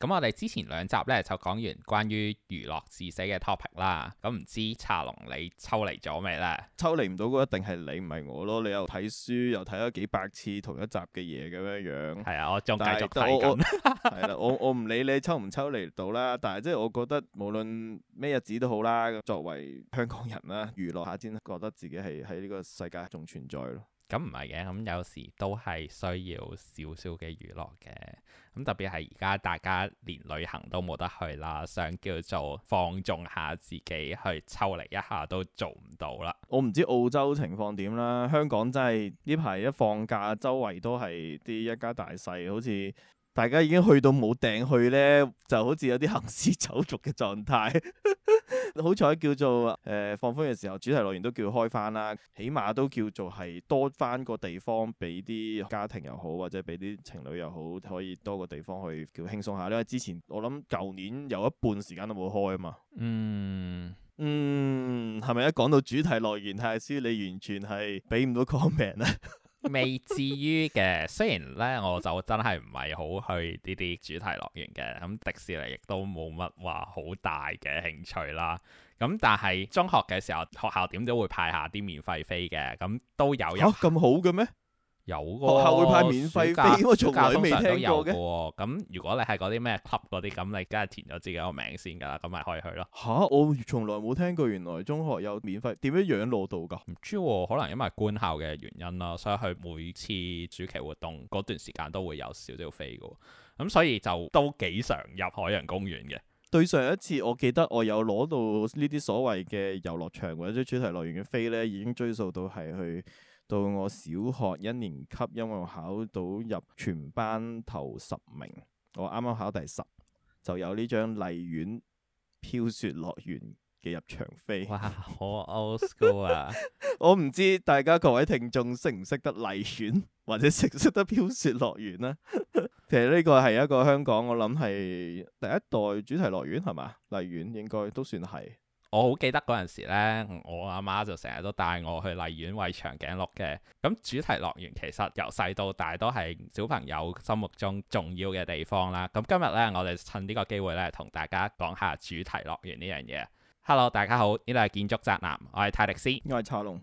咁我哋之前兩集咧就講完關於娛樂至死嘅 topic 啦，咁唔知茶龍你抽離咗未咧？抽離唔到嘅一定係你唔係我咯，你又睇書又睇咗幾百次同一集嘅嘢咁樣樣。係啊，我仲繼續睇緊。係啦，我我唔、 啊、理你抽唔抽離到啦，但係即係我覺得無論咩日子都好啦，作為香港人啦，娛樂下先覺得自己係喺呢個世界仲存在咯。咁唔係嘅，咁有時都係需要少少嘅娛樂嘅，咁特別係而家大家連旅行都冇得去啦，想叫做放縱下自己去抽離一下都做唔到啦。我唔知澳洲情況點啦，香港真係呢排一放假，周圍都係啲一家大細，好似～大家已經去到冇定去呢，就好似有啲行屍走肉嘅狀態。 好彩叫做誒、呃、放寬嘅時候，主題樂園都叫開翻啦，起碼都叫做係多翻個地方俾啲家庭又好，或者俾啲情侶又好，可以多個地方去叫輕鬆下。因為之前我諗舊年有一半時間都冇開啊嘛。嗯嗯，係咪、嗯、一講到主題樂園泰師，你完全係俾唔到 comment 啊？ 未至於嘅，雖然咧我就真係唔係好去呢啲主題樂園嘅，咁、嗯、迪士尼亦都冇乜話好大嘅興趣啦。咁、嗯、但係中學嘅時候，學校點都會派下啲免費飛嘅，咁、嗯、都有有咁、啊、好嘅咩？有學校會派免費飛，我從來未聽過嘅。咁如果你係嗰啲咩 club 嗰啲，咁你梗係填咗自己個名先㗎啦，咁咪可以去咯。嚇！我從來冇聽過，原來中學有免費點樣攞到㗎？唔知喎、啊，可能因為官校嘅原因啦、啊，所以佢每次主期活動嗰段時間都會有少少飛嘅。咁所以就都幾常入海洋公園嘅。對上一次，我記得我有攞到呢啲所謂嘅遊樂場或者主題樂園嘅飛咧，已經追溯到係去到我小學一年級，因為我考到入全班頭十名，我啱啱考第十，就有呢張麗園飄雪樂園嘅入場飛。哇，好 old school 啊！ 我唔知大家各位聽眾識唔識得麗園，或者識唔識得飄雪樂園呢？ 其實呢個係一個香港，我諗係第一代主題樂園係嘛？麗園應該都算係。我好記得嗰陣時呢，我阿媽就成日都帶我去荔園餵長頸鹿嘅。咁主題樂園其實由細到大都係小朋友心目中重要嘅地方啦。咁今日呢，我哋趁呢個機會呢，同大家講下主題樂園呢樣嘢。Hello，大家好，呢度係建築宅男，我係泰迪斯，我係查龍。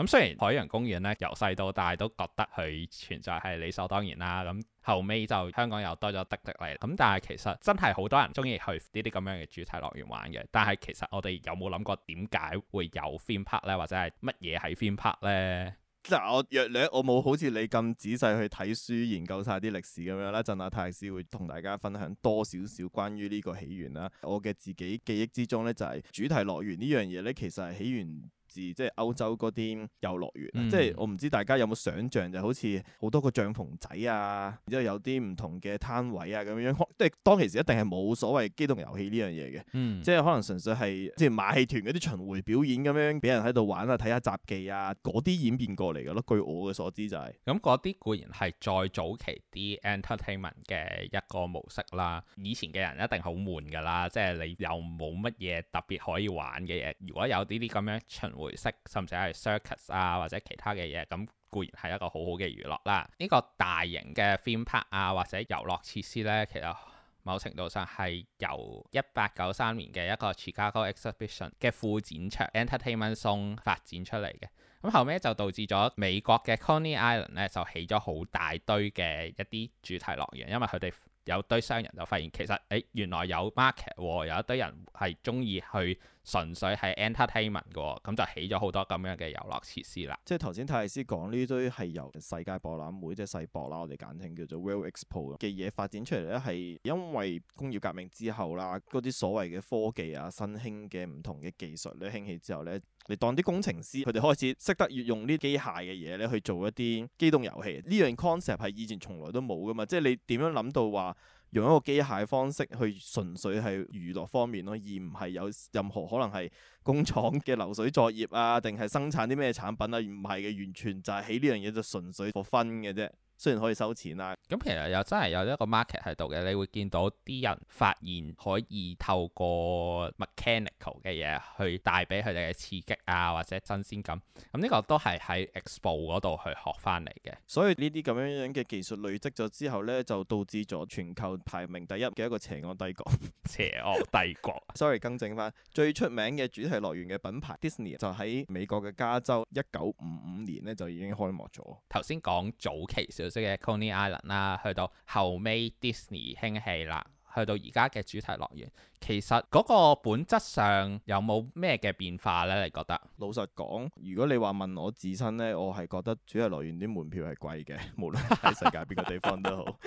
咁、嗯、雖然海洋公園咧，由細到大都覺得佢存在係理所當然啦。咁、嗯、後尾就香港又多咗迪迪尼。咁、嗯、但係其實真係好多人中意去呢啲咁樣嘅主題樂園玩嘅。但係其實我哋有冇諗過點解會有 theme park 咧，或者係乜嘢係 theme park 咧？即係我若略，我冇好似你咁仔細去睇書研究晒啲歷史咁樣啦。陣阿太師會同大家分享多少少關於呢個起源啦。我嘅自己記憶之中咧，就係、是、主題樂園呢樣嘢咧，其實係起源。即係歐洲嗰啲遊樂園，嗯、即係我唔知大家有冇想象，就係、好似好多個帳篷仔啊，然之後有啲唔同嘅攤位啊咁樣，即係當其時一定係冇所謂機動遊戲呢樣嘢嘅，嗯、即係可能純粹係即係馬戲團嗰啲巡迴表演咁樣，俾人喺度玩啊，睇下雜技啊，嗰啲演變過嚟嘅咯。據我嘅所知就係、是，咁嗰啲固然係再早期啲 entertainment 嘅一個模式啦。以前嘅人一定好悶㗎啦，即係你又冇乜嘢特別可以玩嘅嘢。如果有呢啲咁樣巡回式，甚至係 circus 啊，或者其他嘅嘢，咁固然係一個好好嘅娛樂啦。呢個大型嘅 theme park 啊，或者遊樂設施呢，其實某程度上係由一八九三年嘅一個 Chicago Exhibition 嘅副展場 Entertainment Zone 發展出嚟嘅。咁後尾就導致咗美國嘅 Coney Island 呢，就起咗好大堆嘅一啲主題樂園，因為佢哋有堆商人就發現其實誒、哎、原來有 market、啊、有一堆人係中意去。純粹係 entertainment 嘅喎，咁就起咗好多咁樣嘅遊樂設施啦。即係頭先泰師講呢堆係由世界博覽會即係世博啦，我哋簡稱叫做 World Expo 嘅嘢發展出嚟咧，係因為工業革命之後啦，嗰啲所謂嘅科技啊、新興嘅唔同嘅技術咧興起之後咧，你當啲工程師佢哋開始識得越用機呢機械嘅嘢咧去做一啲機動遊戲，呢樣 concept 係以前從來都冇噶嘛。即係你點樣諗到話？用一個機械方式去純粹係娛樂方面咯，而唔係有任何可能係工廠嘅流水作業啊，定係生產啲咩產品啊？唔係嘅，完全就係起呢樣嘢就純粹個分嘅啫。雖然可以收錢啦、啊，咁其實又真係有一個 market 喺度嘅，你會見到啲人發現可以透過 mechanical 嘅嘢去帶俾佢哋嘅刺激啊，或者新鮮感，咁呢個都係喺 expo 嗰度去學翻嚟嘅。所以呢啲咁樣樣嘅技術累積咗之後呢，就導致咗全球排名第一嘅一個邪惡帝國。 邪惡帝國 ，sorry 更正翻，最出名嘅主題樂園嘅品牌 Disney 就喺美國嘅加州，一九五五年呢就已經開幕咗。頭先講早期即係 Coney Island 啦，去到後尾 Disney 興起啦，去到而家嘅主題樂園，其實嗰個本質上有冇咩嘅變化呢？你覺得？老實講，如果你話問我自身呢，我係覺得主題樂園啲門票係貴嘅，無論喺世界邊個地方 都好。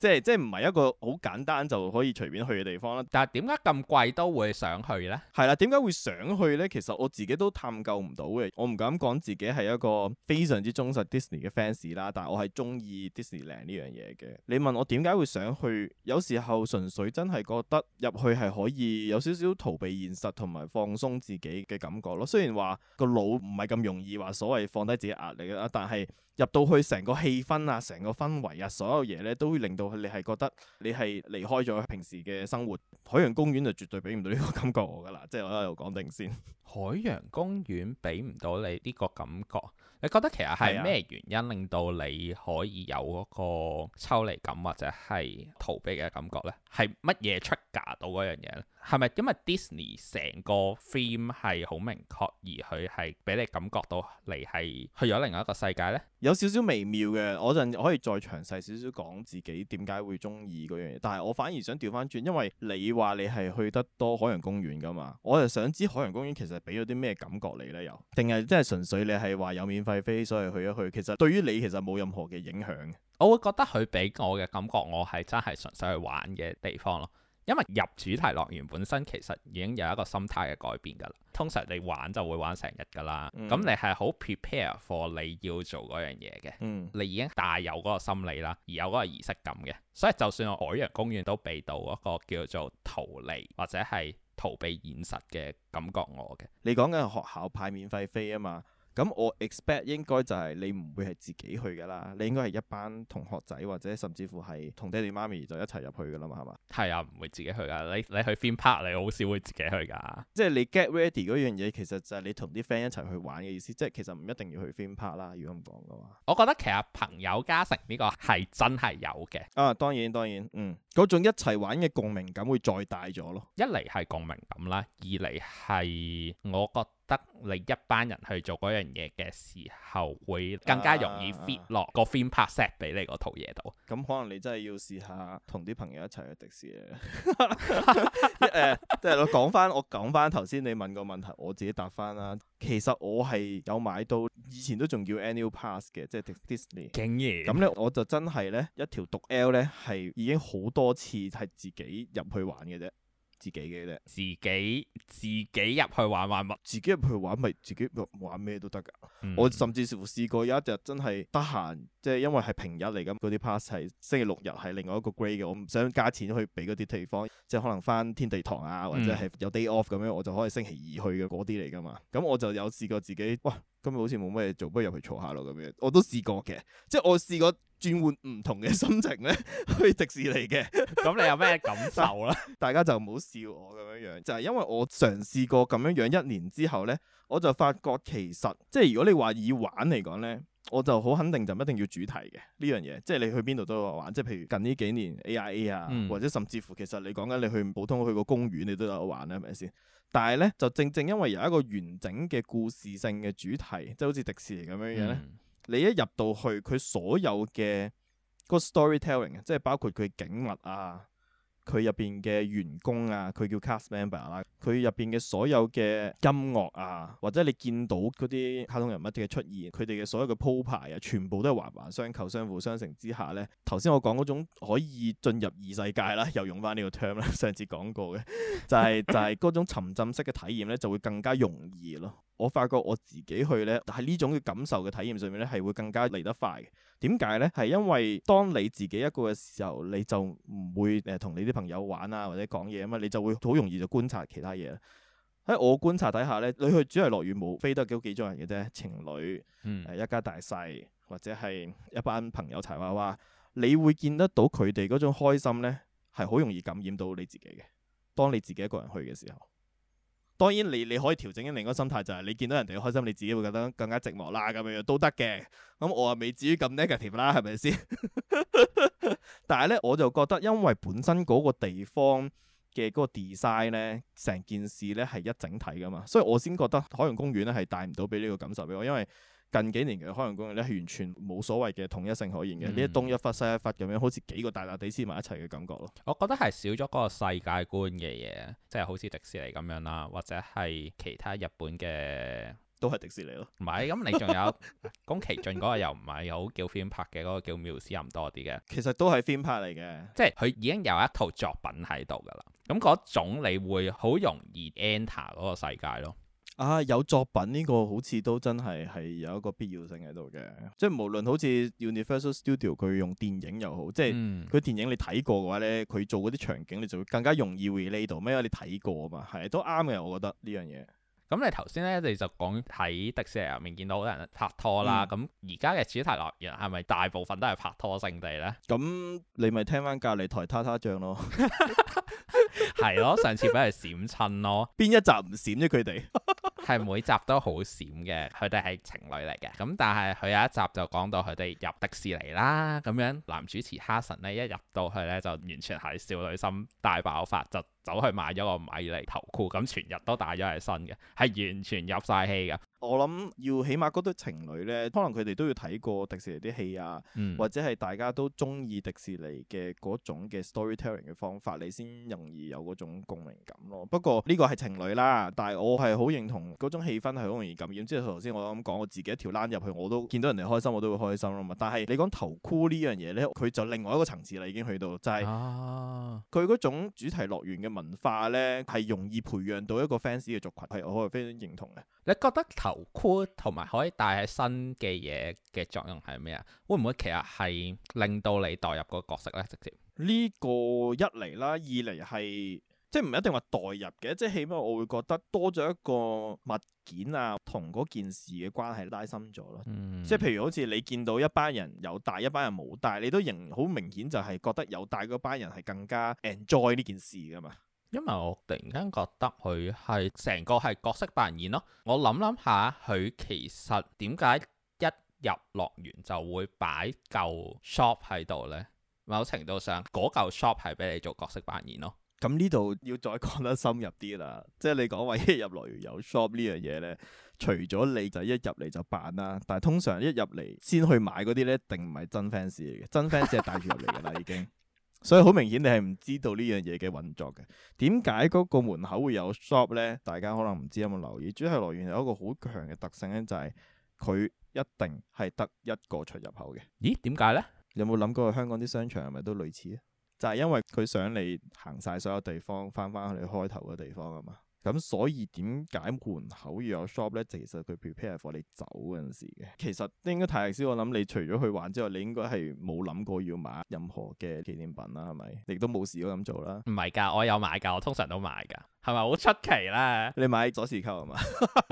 即係，即係唔係一個好簡單就可以隨便去嘅地方啦。但係點解咁貴都會想去咧？係啦，點解會想去咧？其實我自己都探究唔到嘅。我唔敢講自己係一個非常之忠實 Disney 嘅 fans 啦，但係我係中意 Disneyland 呢樣嘢嘅。你問我點解會想去？有時候純粹真係覺得入去係可以有少少逃避現實同埋放鬆自己嘅感覺咯。雖然話個腦唔係咁容易話所謂放低自己壓力啦，但係入到去成個氣氛啊、成個氛圍啊、所有嘢咧，都會令到。你係覺得你係離開咗平時嘅生活，海洋公園就絕對俾唔到呢個感覺我噶啦，即係我又講定先。海洋公園俾唔到你呢個感覺，你覺得其實係咩原因令到你可以有嗰個抽離感或者係逃避嘅感覺呢？係乜嘢 trigger 到嗰樣嘢呢？係咪因為 Disney 成個 theme 係好明確，而佢係俾你感覺到你係去咗另外一個世界呢？有少少微妙嘅，我陣可以再詳細少少講自己點解會中意嗰樣嘢。但係我反而想調翻轉，因為你話你係去得多海洋公園㗎嘛，我就想知海洋公園其實俾咗啲咩感覺你呢？又定係真係純粹你係話有免費飛所以去一去，其實對於你其實冇任何嘅影響。我會覺得佢俾我嘅感覺，我係真係純粹去玩嘅地方咯。因為入主題樂園本身其實已經有一個心態嘅改變㗎啦，通常你玩就會玩成日㗎啦，咁、嗯、你係好 prepare for 你要做嗰樣嘢嘅，嗯、你已經大有嗰個心理啦，而有嗰個儀式感嘅，所以就算我海洋公園都俾到嗰個叫做逃離或者係逃避現實嘅感覺我嘅，你講緊學校派免費飛啊嘛。咁我 expect 應該就係你唔會係自己去噶啦，你應該係一班同學仔或者甚至乎係同爹哋媽咪就一齊入去噶啦嘛，係嘛？係啊，唔會自己去啊！你你去 theme park 你好少會自己去噶，即係你 get ready 嗰樣嘢，其實就係你同啲 friend 一齊去玩嘅意思，即係其實唔一定要去 theme park 啦。如果咁講嘅話，我覺得其實朋友加成呢個係真係有嘅。啊，當然當然，嗯，嗰種一齊玩嘅共鳴感會再大咗咯。一嚟係共鳴感啦，二嚟係我覺得。得你一班人去做嗰樣嘢嘅時候，會更加容易 fit 落個 theme park set 俾你嗰套嘢度。咁、啊啊啊啊啊、可能你真係要試下同啲朋友一齊去迪士尼。誒，即係我講翻，我講翻頭先你問個問題，我自己答翻啦。其實我係有買到，以前都仲叫 annual pass 嘅，即係迪士尼。竟然咁咧，我就真係咧一條毒 L 咧，係已經好多次係自己入去玩嘅啫。自己嘅啫，自己自己入去玩玩咪，自己入去玩咪，自己玩咩都得噶。嗯、我甚至乎試過有一日真係得閒，即係因為係平日嚟，咁嗰啲 pass 係星期六日係另外一個 grade 嘅，我唔想加錢去俾嗰啲地方，即係可能翻天地堂啊，或者係有 day off 咁樣，我就可以星期二去嘅嗰啲嚟噶嘛。咁、嗯、我就有試過自己，哇，今日好似冇咩做，不如入去坐下咯咁樣。我都試過嘅，即係我試過。轉換唔同嘅心情咧， 去迪士尼嘅，咁你有咩感受啦？ 大家就唔好笑我咁樣樣，就係、是、因為我嘗試過咁樣樣一年之後咧，我就發覺其實即係如果你話以玩嚟講咧，我就好肯定就唔一定要主題嘅呢樣嘢，即係你去邊度都有玩，即係譬如近呢幾年 AIA 啊，嗯、或者甚至乎其實你講緊你去普通去個公園，你都有玩啦，係咪先？但係咧，就正正因為有一個完整嘅故事性嘅主題，即係好似迪士尼咁樣樣咧。嗯你一入到去，佢所有嘅嗰 storytelling 啊，即係包括佢嘅景物啊。佢入邊嘅員工啊，佢叫 cast member 啦、啊。佢入邊嘅所有嘅音樂啊，或者你見到嗰啲卡通人物嘅出現，佢哋嘅所有嘅鋪排啊，全部都係環環相扣、相輔相成之下咧。頭先我講嗰種可以進入異世界啦，又用翻呢個 term 啦，上次講過嘅，就係、係、就係、係、嗰種沉浸式嘅體驗咧，就會更加容易咯。我發覺我自己去咧，喺呢種嘅感受嘅體驗上面咧，係會更加嚟得快。點解呢？係因為當你自己一個嘅時候，你就唔會誒同你啲朋友玩啊，或者講嘢啊嘛，你就會好容易就觀察其他嘢。喺我觀察底下呢，你去主題樂園，無非得幾幾種人嘅啫，情侶、嗯、一家大細或者係一班朋友柴娃娃，你會見得到佢哋嗰種開心呢，係好容易感染到你自己嘅。當你自己一個人去嘅時候。當然你，你你可以調整啲另一個心態，就係你見到人哋開心，你自己會覺得更加寂寞啦，咁樣樣都得嘅。咁我又未至於咁 negative 啦，係咪先？ 但係咧，我就覺得因為本身嗰個地方嘅嗰個 design 咧，成件事咧係一整體噶嘛，所以我先覺得海洋公園咧係帶唔到俾呢個感受俾我，因為。近幾年嘅海洋公園咧完全冇所謂嘅同一性可言嘅，呢一、嗯、東一忽西一忽，咁樣，好似幾個大笪地黐埋一齊嘅感覺咯。我覺得係少咗嗰個世界觀嘅嘢，即係好似迪士尼咁樣啦，或者係其他日本嘅都係迪士尼咯。唔係，咁你仲有宮崎駿嗰個又唔係好叫 film 拍嘅嗰個叫《米老鼠》多啲嘅，其實都係 film 拍嚟嘅，即係佢已經有一套作品喺度噶啦。咁嗰種你會好容易 enter 嗰個世界咯。啊有作品呢、呢個好似都真係係有一個必要性喺度嘅，即係無論好似 Universal Studio 佢用電影又好，即係佢、嗯、電影你睇過嘅話咧，佢做嗰啲場景你就會更加容易 relate 到，因為你睇過啊嘛，係都啱嘅，我覺得呢樣嘢。咁你頭先咧你就講喺迪士尼入面見到好多人拍拖啦，咁而家嘅主題樂園係咪大部分都係拍拖勝地咧？咁你咪聽翻隔離台他她醬咯。 係咯， 上次俾佢閃親咯，邊一集唔閃咗佢哋？係 每集都好閃嘅，佢哋係情侶嚟嘅。咁但係佢有一集就講到佢哋入迪士尼啦，咁樣男主持哈神呢一入到去呢，就完全係少女心大爆發，就走去買咗個米妮頭箍，咁全日都戴咗喺身嘅，係完全入晒氣㗎。我諗要起碼嗰對情侶咧，可能佢哋都要睇過迪士尼啲戲啊，嗯、或者係大家都中意迪士尼嘅嗰種嘅 storytelling 嘅方法，你先容易有嗰種共鳴感咯。不過呢個係情侶啦，但係我係好認同嗰種氣氛係好容易感染。之後頭先我咁講，我自己一條 l 入去，我都見到人哋開心，我都會開心啊嘛。但係你講頭箍呢樣嘢咧，佢就另外一個層次啦，已經去到就係佢嗰種主題樂園嘅文化咧，係容易培養到一個 fans 嘅族群，係我係非常認同嘅。你覺得頭箍同埋可以戴喺身嘅嘢嘅作用係咩啊？會唔會其實係令到你代入個角色咧？直接呢個一嚟啦，二嚟係即係唔一定話代入嘅，即係起碼我會覺得多咗一個物件啊，同嗰件事嘅關係拉深咗咯。嗯、即係譬如好似你見到一班人有戴，一班人冇戴，你都仍好明顯就係覺得有戴嗰班人係更加 enjoy 呢件事㗎嘛。因為我突然間覺得佢係成個係角色扮演咯，我諗諗下佢其實點解一入樂園就會擺嚿 shop 喺度呢？某程度上嗰嚿 shop 係俾你做角色扮演咯。咁呢度要再講得深入啲啦，即係你講話一入樂園有 shop 呢樣嘢呢，除咗你就一入嚟就扮啦，但係通常一入嚟先去買嗰啲呢，定唔係真 fans 嚟嘅？真 fans 係帶住入嚟嘅啦， 已經。所以好明顯你係唔知道呢樣嘢嘅運作嘅，點解嗰個門口會有 shop 咧？大家可能唔知有冇留意？主題樂園有一個好強嘅特性咧，就係佢一定係得一個出入口嘅。咦？點解咧？你有冇諗過香港啲商場係咪都類似啊？就係、是、因為佢想你行晒所有地方，翻翻去你開頭嘅地方啊嘛。咁所以點解門口要有 shop 咧？其實佢 prepare for 你走嗰陣時嘅。其實應該泰來師，我諗你除咗去玩之外，你應該係冇諗過要買任何嘅紀念品啦，係咪？亦都冇試過咁做啦。唔係㗎，我有買㗎，我通常都買㗎。係咪好出奇咧？你買左鎖匙扣係嘛？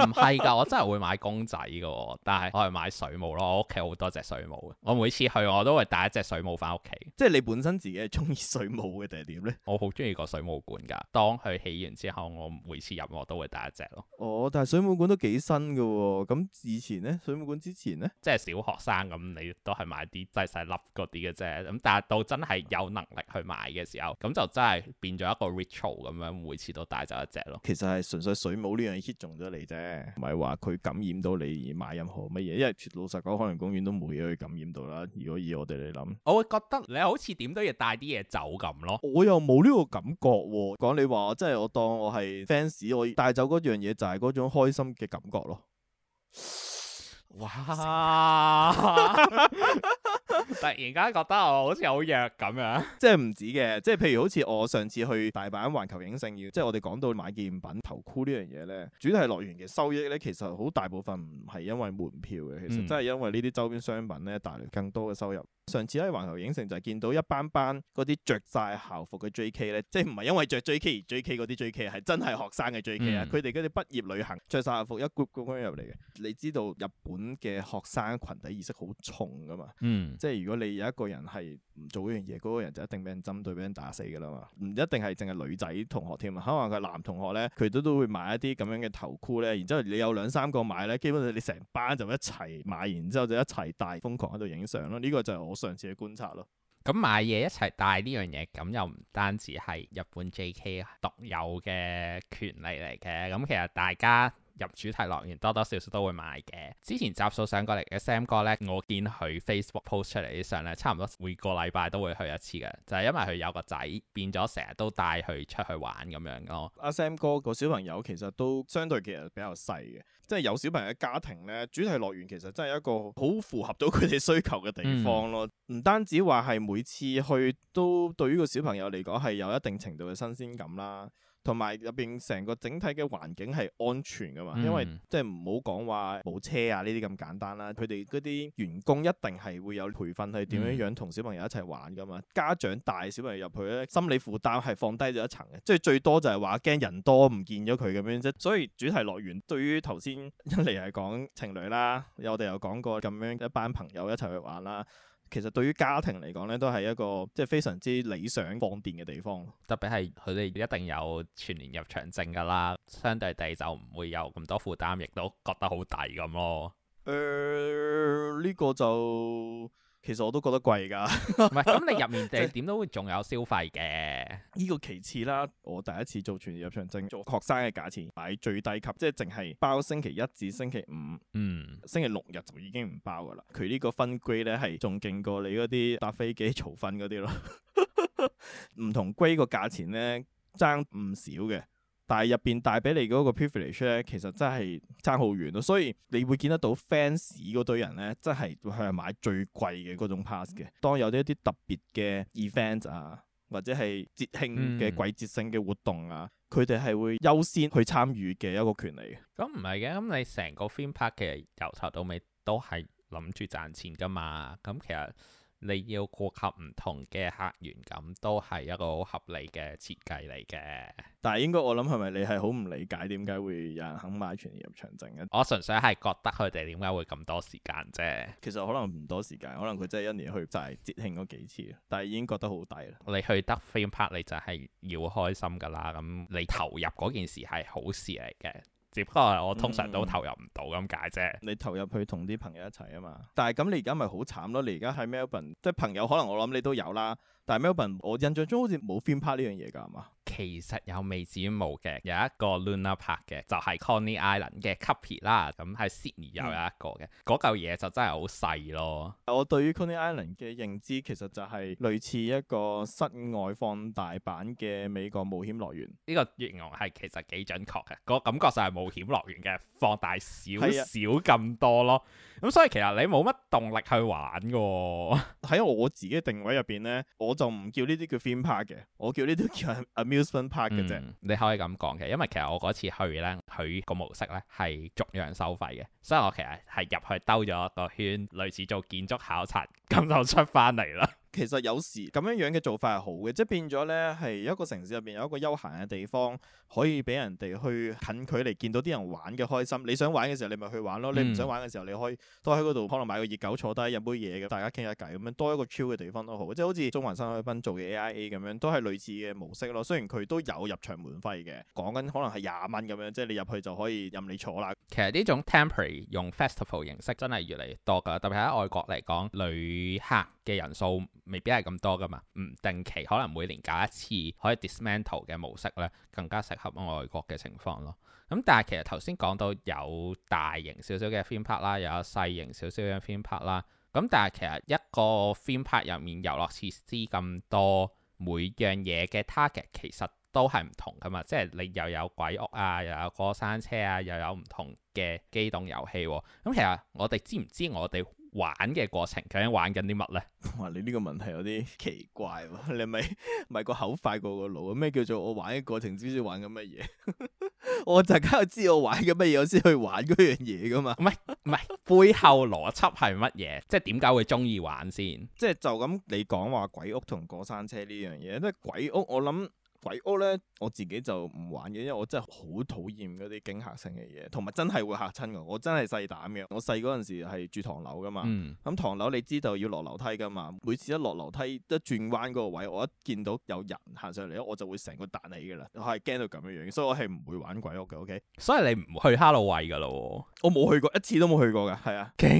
唔係噶，我真係會買公仔噶、哦，但係我係買水母咯。我屋企好多隻水母，我每次去我都會帶一隻水母翻屋企。即係你本身自己係中意水母嘅定係點咧？我好中意個水母館噶，當佢起完之後，我每次入我都會帶一隻咯。哦，但係水母館都幾新噶、哦，咁以前咧，水母館之前咧，即係小學生咁，你都係買啲細細粒嗰啲嘅啫。咁但係到真係有能力去買嘅時候，咁就真係變咗一個 ritual 咁樣，每次都帶。帶走一隻咯，其實係純粹水母呢樣 hit 中咗你啫，唔係話佢感染到你而買任何乜嘢。因為老實講，海洋公園都冇嘢去感染到啦。如果以我哋嚟諗，我會覺得你好似點都要帶啲嘢走咁咯。我又冇呢個感覺，講你話即係我當我係 fans，我帶走嗰樣嘢就係嗰種開心嘅感覺咯。哇！ 突然間覺得我好似好弱咁樣， 即係唔止嘅，即係譬如好似我上次去大阪環球影城要，即係我哋講到買件品頭箍呢樣嘢咧，主題樂園嘅收益咧，其實好大部分唔係因為門票嘅，其實真係因為呢啲周邊商品咧帶來更多嘅收入。上次喺環球影城就見到一班班嗰啲着晒校服嘅 J.K. 咧，即係唔係因為着 J.K. 而 J.K. 嗰啲 J.K. 係真係學生嘅 J.K. 啊，佢哋嗰啲畢業旅行着晒校服一 group group 咁入嚟嘅，你知道日本嘅學生群體意識好重噶嘛？嗯，即係如果你有一個人係。唔做呢樣嘢，嗰個人就一定俾人針對，俾人打死噶啦嘛。唔一定係淨係女仔同學添啊，可能佢男同學咧，佢都都會買一啲咁樣嘅頭箍咧。然之後你有兩三個買咧，基本上你成班就一齊買，然之後就一齊戴，瘋狂喺度影相咯。呢個就係我上次嘅觀察咯。咁買嘢一齊戴呢樣嘢，咁又唔單止係日本 JK 獨有嘅權利嚟嘅。咁其實大家。入主題樂園多多少少都會買嘅。之前集數上過嚟嘅 Sam 哥咧，我見佢 Facebook post 出嚟啲相咧，差唔多每個禮拜都會去一次嘅，就係、是、因為佢有個仔變咗，成日都帶佢出去玩咁樣咯。阿、啊、Sam 哥個小朋友其實都相對其實比較細嘅，即係有小朋友嘅家庭咧，主題樂園其實真係一個好符合到佢哋需求嘅地方咯。唔單止話係每次去都對於個小朋友嚟講係有一定程度嘅新鮮感啦。同埋入邊成個整體嘅環境係安全噶嘛，嗯、因為即係唔好講話冇車啊呢啲咁簡單啦，佢哋嗰啲員工一定係會有培訓，係點樣樣同小朋友一齊玩噶嘛。嗯、家長帶小朋友入去咧，心理負擔係放低咗一層嘅，即係最多就係話驚人多唔見咗佢咁樣啫。所以主題樂園對於頭先一嚟係講情侶啦，我哋又講過咁樣一班朋友一齊去玩啦。其實對於家庭嚟講咧，都係一個即係非常之理想放電嘅地方，特別係佢哋一定有全年入場證㗎啦，相對地就唔會有咁多負擔，亦都覺得好抵咁咯。誒、呃，呢、呢個就～其實我都覺得貴㗎， 唔係咁你入面你點、 就係、都會仲有消費嘅，呢個其次啦。我第一次做全日入場證，做學生嘅價錢，買最低級，即係淨係包星期一至星期五，嗯，星期六日就已經唔包㗎啦。佢呢個分 grade 咧係仲勁過你嗰啲搭飛機嘈分嗰啲咯， 唔同 grade 個價錢咧爭唔少嘅。但係入邊帶俾你嗰個 privilege 咧，其實真係爭好遠咯。所以你會見得到 fans 嗰堆人咧，真係去買最貴嘅嗰種 pass 嘅。當有啲一啲特別嘅 event 啊，或者係節慶嘅季節性嘅活動啊，佢哋係會優先去參與嘅一個權利嘅。咁唔係嘅，咁你成個 theme park 其實由頭到尾都係諗住賺錢㗎嘛。咁其實。你要顧及唔同嘅客源咁，都係一個好合理嘅設計嚟嘅。但係應該我諗係咪你係好唔理解點解會有人肯買全年入場證嘅？我純粹係覺得佢哋點解會咁多時間啫。其實可能唔多時間，可能佢真係一年一去就係節慶嗰幾次，但係已經覺得好抵啦。你去得 Theme Park，你就係要開心噶啦。咁你投入嗰件事係好事嚟嘅。不過我通常都投入唔到咁解啫。你投入去同啲朋友一齊啊嘛，但係咁你而家咪好慘咯！你而家喺 Melbourne，即係朋友可能我諗你都有啦。但 Melbourne 我印象中好似冇 theme park 呢樣嘢㗎係嘛？其實又未至於冇嘅，有一個 Luna Park 嘅，就係 Coney Island 嘅 copy 啦。咁喺 Sydney 又有一個嘅，嗰嚿嘢就真係好細咯。我對於 Coney Island 嘅認知其實就係類似一個室外放大版嘅美國冒險樂園。呢個形容係其實幾準確嘅，個感覺就係冒險樂園嘅放大少少咁多咯。咁所以其實你冇乜動力去玩嘅喎，喺我自己定位入邊咧，我就唔叫呢啲叫 theme park 嘅，我叫呢啲叫 amusement park 嘅啫。嗯，你可以咁講嘅，因為其實我嗰次去咧，佢個模式咧係逐樣收費嘅，所以我其實係入去兜咗一個圈，類似做建築考察，咁就出翻嚟啦。其實有時咁樣樣嘅做法係好嘅，即係變咗咧係一個城市入邊有一個休閒嘅地方。可以俾人哋去近距離見到啲人玩嘅開心，你想玩嘅時候你咪去玩咯，嗯、你唔想玩嘅時候你可以都喺嗰度，可能買個熱狗坐低飲杯嘢嘅，大家傾一計咁樣多一個 chill 嘅地方都好，即係好似中環新海濱做嘅 AIA 咁樣，都係類似嘅模式咯。雖然佢都有入場門費嘅，講緊可能係廿蚊咁樣，即係你入去就可以任你坐啦。其實呢種 temporary 用 festival 形式真係越嚟越多噶，特別喺外國嚟講，旅客嘅人數未必係咁多噶嘛。嗯，定期可能每年搞一次可以 dismantle 嘅模式咧，更加合外國嘅情況咯，咁但係其實頭先講到有大型少少嘅 theme park 啦，又有細型少少嘅 theme park 啦，咁但係其實一個 theme park 入面遊樂設施咁多，每樣嘢嘅 target 其實都係唔同噶嘛，即係你又有鬼屋啊，又有過山車啊，又有唔同嘅機動遊戲，咁其實我哋知唔知我哋玩嘅過程究竟玩緊啲乜咧？哇！你呢個問題有啲奇怪喎，你咪咪個口快過個腦，咩叫做我玩嘅過程知唔知玩緊乜嘢？我陣間我知我玩緊乜嘢，我先去玩嗰樣嘢噶嘛？唔係唔係背後邏輯係乜嘢？ 即係點解會中意玩先？即係就咁你講話鬼屋同過山車呢樣嘢，即係鬼屋我諗。鬼屋咧，我自己就唔玩嘅，因為我真係好討厭嗰啲驚嚇性嘅嘢，同埋真係會嚇親我。我真係細膽嘅。我細嗰陣時係住唐樓㗎嘛，咁、嗯嗯、唐樓你知道要落樓梯㗎嘛。每次一落樓梯，一轉彎嗰個位，我一見到有人行上嚟我就會成個彈起㗎啦。我係驚到咁樣樣，所以我係唔會玩鬼屋嘅。O、okay? K，所以你唔去 Halloween 㗎啦？我冇去過，一次都冇去過㗎。係啊，竟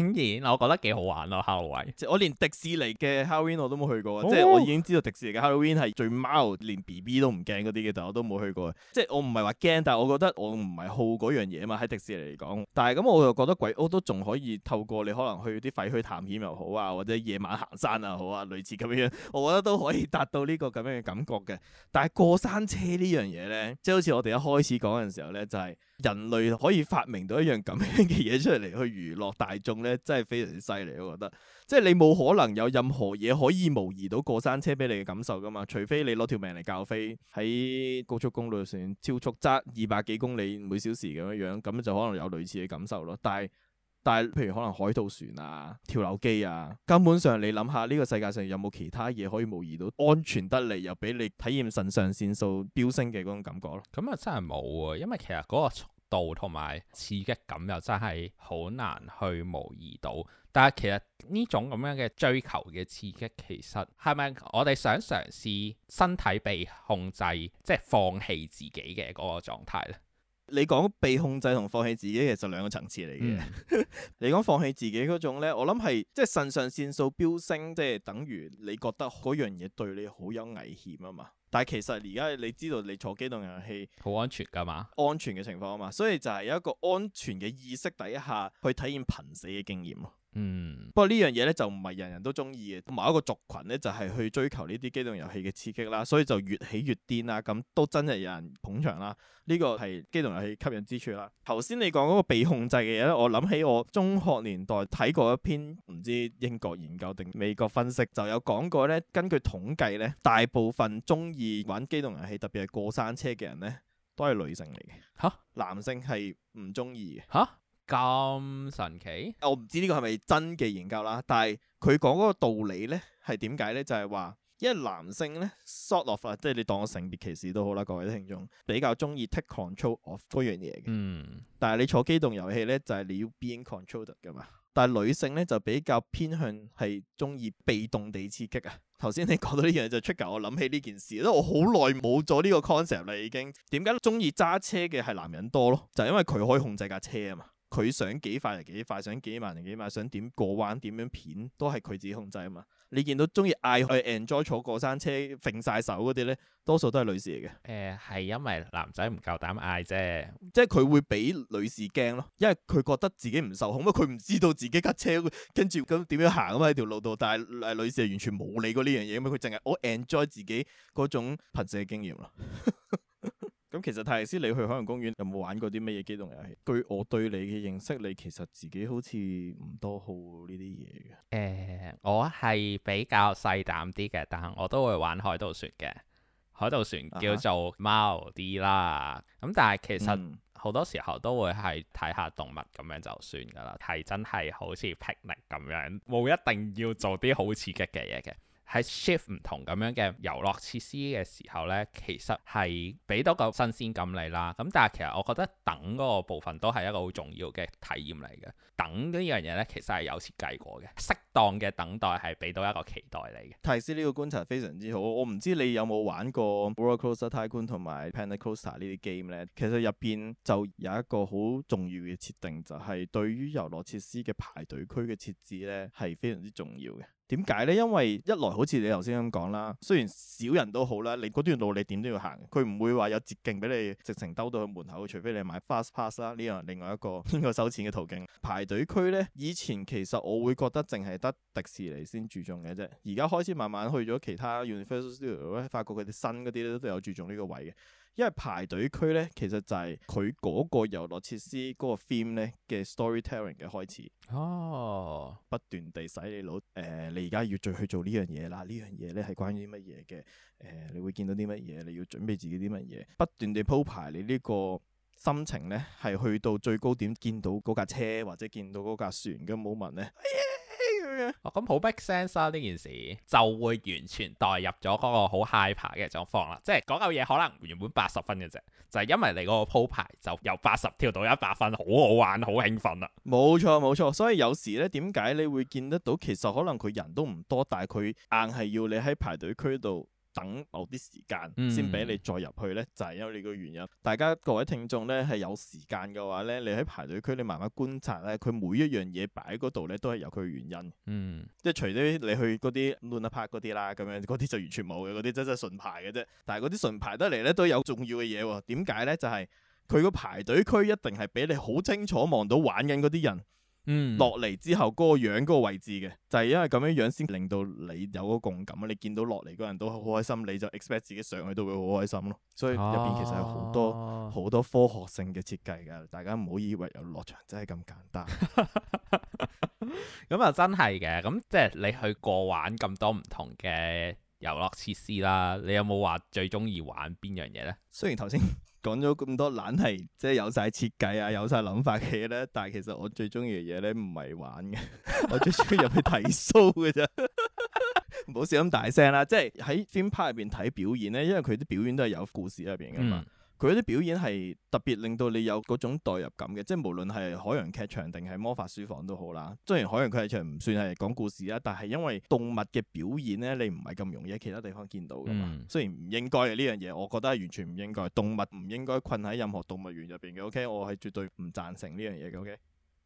然我覺得幾好玩啊 Halloween！我連迪士尼嘅 Halloween 我都冇去過，哦、即係我已經知道迪士尼嘅 Halloween 係最貓，連 B B 都～都唔驚嗰啲嘅，但我都冇去過，即係我唔係話驚，但係我覺得我唔係好嗰樣嘢，啊嘛，喺迪士尼嚟講。但係咁我又覺得鬼屋都仲可以透過你可能去啲廢墟探險又好啊，或者夜晚行山啊好啊，類似咁樣，我覺得都可以達到呢個咁樣嘅感覺嘅。但係過山車呢樣嘢咧，即係好似我哋一開始講嘅時候咧，就係。人類可以發明到一樣咁樣嘅嘢出嚟去娛樂大眾咧，真係非常之犀利，我覺得。即係你冇可能有任何嘢可以模擬到過山車俾你嘅感受噶嘛，除非你攞條命嚟教飛喺高速公路上面超速，揸二百幾公里每小時咁樣樣，咁就可能有類似嘅感受咯。但係，但係，譬如可能海盜船啊、跳樓機啊，根本上你諗下呢個世界上有冇其他嘢可以模擬到安全得嚟，又俾你體驗腎上腺素飆升嘅嗰種感覺咯？咁啊，真係冇啊，因為其實嗰個速度同埋刺激感又真係好難去模擬到。但係其實呢種咁樣嘅追求嘅刺激，其實係咪我哋想嘗試身體被控制，即係放棄自己嘅嗰個狀態呢？你講被控制同放棄自己其實兩個層次嚟嘅。嗯、 你講放棄自己嗰種咧，我諗係即係腎上腺素飆升，即係等於你覺得嗰樣嘢對你好有危險啊嘛。但係其實而家你知道你坐機動遊戲好安全噶嘛？安全嘅情況啊嘛，所以就係有一個安全嘅意識底下去體驗瀕死嘅經驗咯。嗯，不過呢樣嘢咧就唔係人人都中意嘅，某一個族群咧就係去追求呢啲機動遊戲嘅刺激啦，所以就越起越癲啦，咁都真係有人捧場啦，呢個係機動遊戲吸引之處啦。頭先你講嗰個被控制嘅嘢咧，我諗起我中學年代睇過一篇唔知英國研究定美國分析，就有講過咧，根據統計咧，大部分中意玩機動遊戲，特別係過山車嘅人咧，都係女性嚟嘅，吓哈，男性係唔中意吓。咁神奇？我唔知呢個係咪真嘅研究啦，但係佢講嗰個道理咧，係點解咧？就係話，因為男性咧 sort of 即係你當我性別歧視都好啦，各位聽眾比較中意 take control of 嗰樣嘢嘅。嗯，但係你坐機動遊戲咧，就係你要 being controlled 噶嘛。但係女性咧就比較偏向係中意被動地刺激啊。頭先你講到呢樣就 trigger，我諗起呢件事，因為我好耐冇咗呢個 concept 啦。已經點解中意揸車嘅係男人多咯？就係因為佢可以控制架車啊嘛。佢想幾快就幾快，想幾慢就幾慢，想點過彎點樣片都係佢自己控制啊嘛！你見到中意嗌佢「enjoy 坐過山車揈晒手嗰啲咧，多數都係女士嚟嘅。誒、呃，係因為男仔唔夠膽嗌啫，即係佢會俾女士驚咯，因為佢覺得自己唔受控啊嘛，佢唔知道自己架車跟住咁點樣行啊嘛喺條路度，但係誒女士係完全冇理過呢樣嘢啊嘛，佢淨係我 enjoy 自己嗰種貧濟經驗咯。 咁其實泰尼斯，你去海洋公園有冇玩過啲乜嘢機動遊戲？據我對你嘅認識，你其實自己好似唔多好呢啲嘢嘅。誒、欸，我係比較細膽啲嘅，但係我都會玩海盜船嘅。海盜船叫做貓啲啦。咁、啊、哈但係其實好多時候都會係睇下動物咁樣就算噶啦。係、嗯、真係好似 picnic 咁樣，冇一定要做啲好刺激嘅嘢嘅。喺 shift 唔同咁樣嘅遊樂設施嘅時候咧，其實係俾多個新鮮感你啦。咁但係其實我覺得等嗰個部分都係一個好重要嘅體驗嚟嘅。等呢樣嘢咧，其實係有設計過嘅，適當嘅等待係俾到一個期待你嘅。泰斯呢個觀察非常之好。我唔知你有冇玩過 Roller Coaster Tycoon 同埋 Panda Coaster 呢啲 game 咧？其實入邊就有一個好重要嘅設定，就係、是、對於遊樂設施嘅排隊區嘅設置咧，係非常之重要嘅。點解咧？因為一來好似你頭先咁講啦，雖然少人都好啦，你嗰段路你點都要行，佢唔會話有捷徑俾你直程兜到去門口，除非你買 fast pass 啦，呢樣另外一個邊個收錢嘅途徑。排隊區咧，以前其實我會覺得淨係得迪士尼先注重嘅啫，而家開始慢慢去咗其他 universal studio 咧，發覺佢哋新嗰啲咧都有注重呢個位嘅。因為排隊區咧，其實就係佢嗰個遊樂設施嗰個 theme 咧嘅 storytelling 嘅開始哦，不斷地洗你腦，誒、呃，你而家要再去做呢樣嘢啦，呢樣嘢咧係關於乜嘢嘅，誒、呃，你會見到啲乜嘢，你要準備自己啲乜嘢，不斷地鋪排你呢個心情咧，係去到最高點見到嗰架車或者見到嗰架船嘅 moment 咧。咁好 big sense 啊！呢、哦哦啊、件事就會完全代入咗嗰個好 high 爬嘅狀況啦，即係講嚿嘢可能原本八十分嘅啫，就係、是、因為你個鋪排就由八十跳到一百分，好好玩，好興奮啦！冇錯，冇錯，所以有時咧，點解你會見得到其實可能佢人都唔多，但係佢硬係要你喺排隊區度。等某啲時間先俾、嗯、你再入去咧，就係、是、因為你個原因。大家各位聽眾咧，係有時間嘅話咧，你喺排隊區你慢慢觀察咧，佢每一樣嘢擺喺嗰度咧都係有佢嘅原因。嗯，即係除咗你去嗰啲 Luna Park 嗰啲啦，咁樣嗰啲就完全冇嘅，嗰啲真係順排嘅啫。但係嗰啲順排得嚟咧都有重要嘅嘢喎。點解咧？就係佢個排隊區一定係俾你好清楚望到玩緊嗰啲人。嗯，落嚟之後嗰個樣，嗰個位置嘅，就係、是、因為咁樣樣先令到你有個共感啊！你見到落嚟個人都好開心，你就 expect 自己上去都會好開心咯。所以入邊其實有好多好、啊、多科學性嘅設計㗎，大家唔好以為遊樂場真係咁簡單。咁啊， 真係嘅。咁即係你去過玩咁多唔同嘅遊樂設施啦，你有冇話最中意玩邊樣嘢咧？雖然頭先。講咗咁多懶係，即係有晒設計啊，有晒諗法嘅嘢咧。但係其實我最中意嘅嘢咧，唔係玩嘅，我最中意入去睇 show 嘅啫。唔好笑咁大聲啦！即係喺 theme park 入邊睇表演咧，因為佢啲表演都係有故事入邊噶嘛。嗯。佢啲表演係特別令到你有嗰種代入感嘅，即係無論係海洋劇場定係魔法書房都好啦。雖然海洋劇場唔算係講故事啦，但係因為動物嘅表演咧，你唔係咁容易喺其他地方見到㗎嘛。嗯、雖然唔應該嘅呢樣嘢，這個、我覺得係完全唔應該，動物唔應該困喺任何動物園入邊嘅。OK，我係絕對唔贊成呢樣嘢嘅。OK，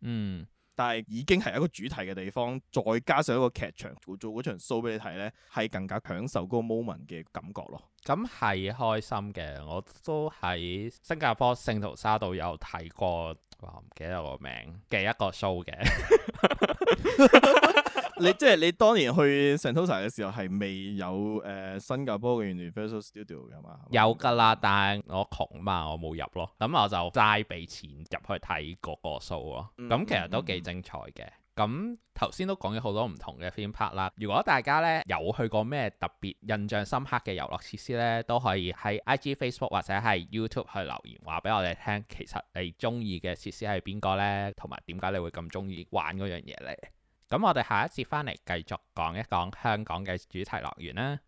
嗯。但係已經係一個主題嘅地方，再加上一個劇場做嗰場 show 俾你睇咧，係更加享受嗰個 moment 嘅感覺咯。咁係、嗯、開心嘅，我都喺新加坡聖淘沙度有睇過，話唔記得個名嘅一個 show 嘅。 你即係你當年去聖淘沙嘅時候係未有誒、呃、新加坡嘅 Universal Studio 嘅嘛？有噶啦，但係我窮嘛，我冇入咯。咁、嗯、我就齋俾錢入去睇嗰個 show 咯。咁、嗯嗯、其實都幾精彩嘅。咁頭先都講咗好多唔同嘅 film part 啦。如果大家咧有去過咩特別印象深刻嘅遊樂設施咧，都可以喺 IG、Facebook 或者係 YouTube 去留言話俾我哋聽。其實你中意嘅設施係邊個咧？同埋點解你會咁中意玩嗰樣嘢咧？咁我哋下一節翻嚟繼續講一講香港嘅主題樂園啦。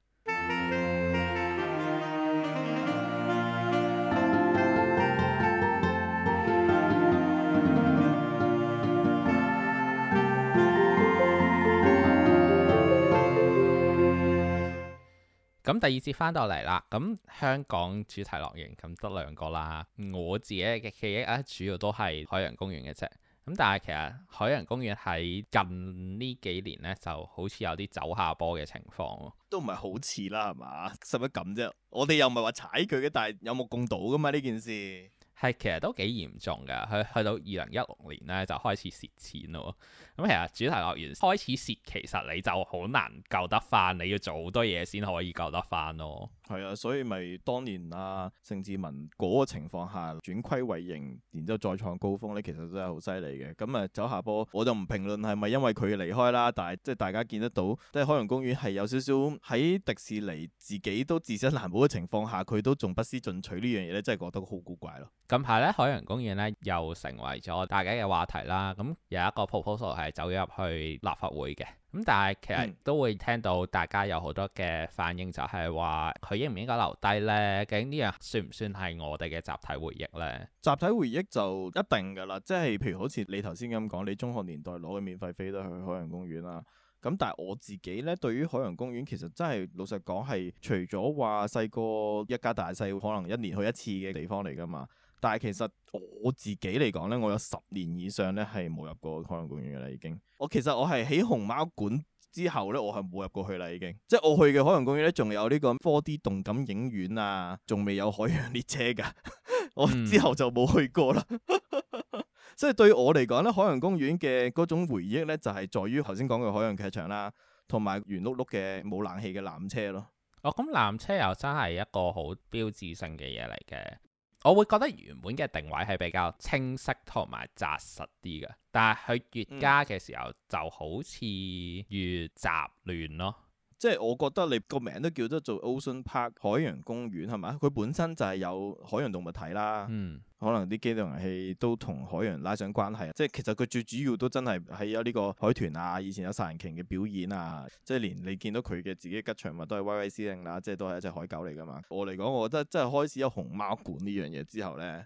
咁 第二節翻到嚟啦，咁香港主題樂園咁得兩個啦。我自己嘅記憶啊，主要都係海洋公園嘅啫。咁但係其實海洋公園喺近呢幾年咧，就好似有啲走下坡嘅情況咯，都唔係好似啦，係嘛？使乜咁啫，我哋又唔係話踩佢嘅，但係有目共睹噶嘛呢件事。係其實都幾嚴重噶，去去到二零一六年咧就開始蝕錢咯。咁、嗯、其實主題樂園開始蝕，其實你就好難救得翻，你要做好多嘢先可以救得翻咯。係啊，所以咪當年啊，盛智文嗰個情況下轉虧為盈，然之後再創高峰咧，其實真係好犀利嘅。咁、嗯、啊走下坡，我就唔評論係咪因為佢離開啦，但係即係大家見得到，即係海洋公園係有少少喺迪士尼自己都自身難保嘅情況下，佢都仲不思進取呢樣嘢咧，真係覺得好古怪咯。近排咧海洋公園咧又成為咗大家嘅話題啦，咁、嗯、有一個 proposal 係走入去立法會嘅，咁但係其實都會聽到大家有好多嘅反應就，就係話佢應唔應該留低呢？究竟呢樣算唔算係我哋嘅集體回憶呢？集體回憶就一定㗎啦，即係譬如好似你頭先咁講，你中學年代攞嘅免費飛都去海洋公園啦。咁但係我自己咧對於海洋公園其實真係老實講係除咗話細個一家大細可能一年去一次嘅地方嚟㗎嘛。但係其實我自己嚟講咧，我有十年以上咧係冇入過海洋公園嘅啦，已經。我其實我係喺熊貓館之後咧，我係冇入過去啦，已經。即係我去嘅海洋公園咧，仲有呢個 4D 動感影院啊，仲未有海洋列車噶， 我之後就冇去過啦。嗯、 所以對我嚟講咧，海洋公園嘅嗰種回憶咧，就係、是、在於頭先講嘅海洋劇場啦、啊，同埋圓碌碌嘅冇冷氣嘅纜車咯。哦，咁、嗯、纜車又真係一個好標誌性嘅嘢嚟嘅。我會覺得原本嘅定位係比較清晰同埋紮實啲嘅，但係佢越加嘅時候就好似越雜亂咯。即係我覺得你個名都叫得做 Ocean Park 海洋公園係咪？佢本身就係有海洋動物睇啦，嗯、可能啲機動遊戲都同海洋拉上關係。即係其實佢最主要都真係係有呢個海豚啊，以前有殺人鯨嘅表演啊，即係連你見到佢嘅自己吉祥物都係威威司令啦，即係都係一隻海狗嚟㗎嘛。我嚟講，我覺得即係開始有熊貓館呢樣嘢之後咧。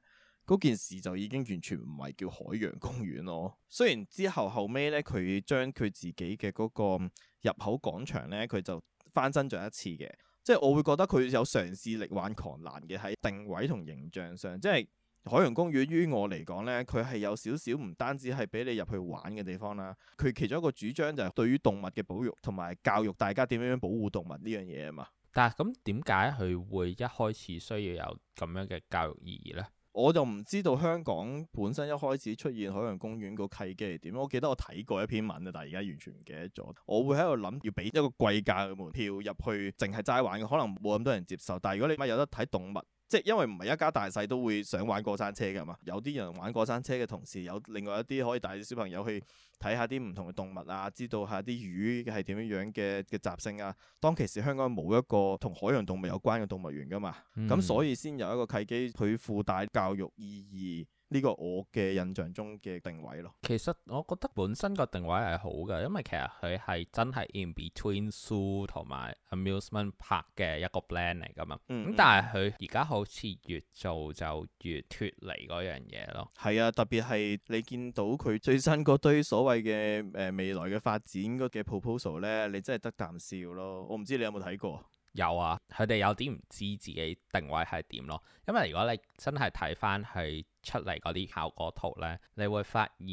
嗰件事就已經完全唔係叫海洋公園咯。雖然之後後尾咧，佢將佢自己嘅嗰個入口廣場咧，佢就翻新咗一次嘅。即係我會覺得佢有嘗試力挽狂難狂瀾嘅喺定位同形象上。即係海洋公園於我嚟講咧，佢係有少少唔單止係俾你入去玩嘅地方啦。佢其中一個主張就係對於動物嘅保育同埋教育大家點樣保護動物呢樣嘢啊嘛。但係咁點解佢會一開始需要有咁樣嘅教育意義咧？我就唔知道香港本身一開始出現海洋公園個契機係點。我記得我睇過一篇文啊，但係而家完全唔記得咗。我會喺度諗，要俾一個貴價嘅門票入去，淨係齋玩嘅，可能冇咁多人接受。但係如果你咪有得睇動物。即係因為唔係一家大細都會想玩過山車㗎嘛，有啲人玩過山車嘅同時，有另外一啲可以帶啲小朋友去睇下啲唔同嘅動物啊，知道下啲魚係點樣樣嘅嘅習性啊。當其時香港冇一個同海洋動物有關嘅動物園㗎嘛，咁、嗯、所以先有一個契機去附帶教育意義。呢個我嘅印象中嘅定位咯。其實我覺得本身個定位係好㗎，因為其實佢係真係 in between zoo 同埋 amusement park 嘅一個 plan 嚟㗎嘛。咁、嗯嗯、但係佢而家好似越做就越脫離嗰樣嘢咯。係啊，特別係你見到佢最新嗰堆所謂嘅誒未來嘅發展嘅 proposal 咧，你真係得啖笑咯。我唔知你有冇睇過？有啊，佢哋有啲唔知自己定位係點咯，因為如果你真係睇翻係。出嚟嗰啲效果圖咧，你會發現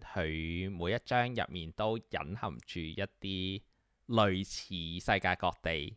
佢每一張入面都隱含住一啲類似世界各地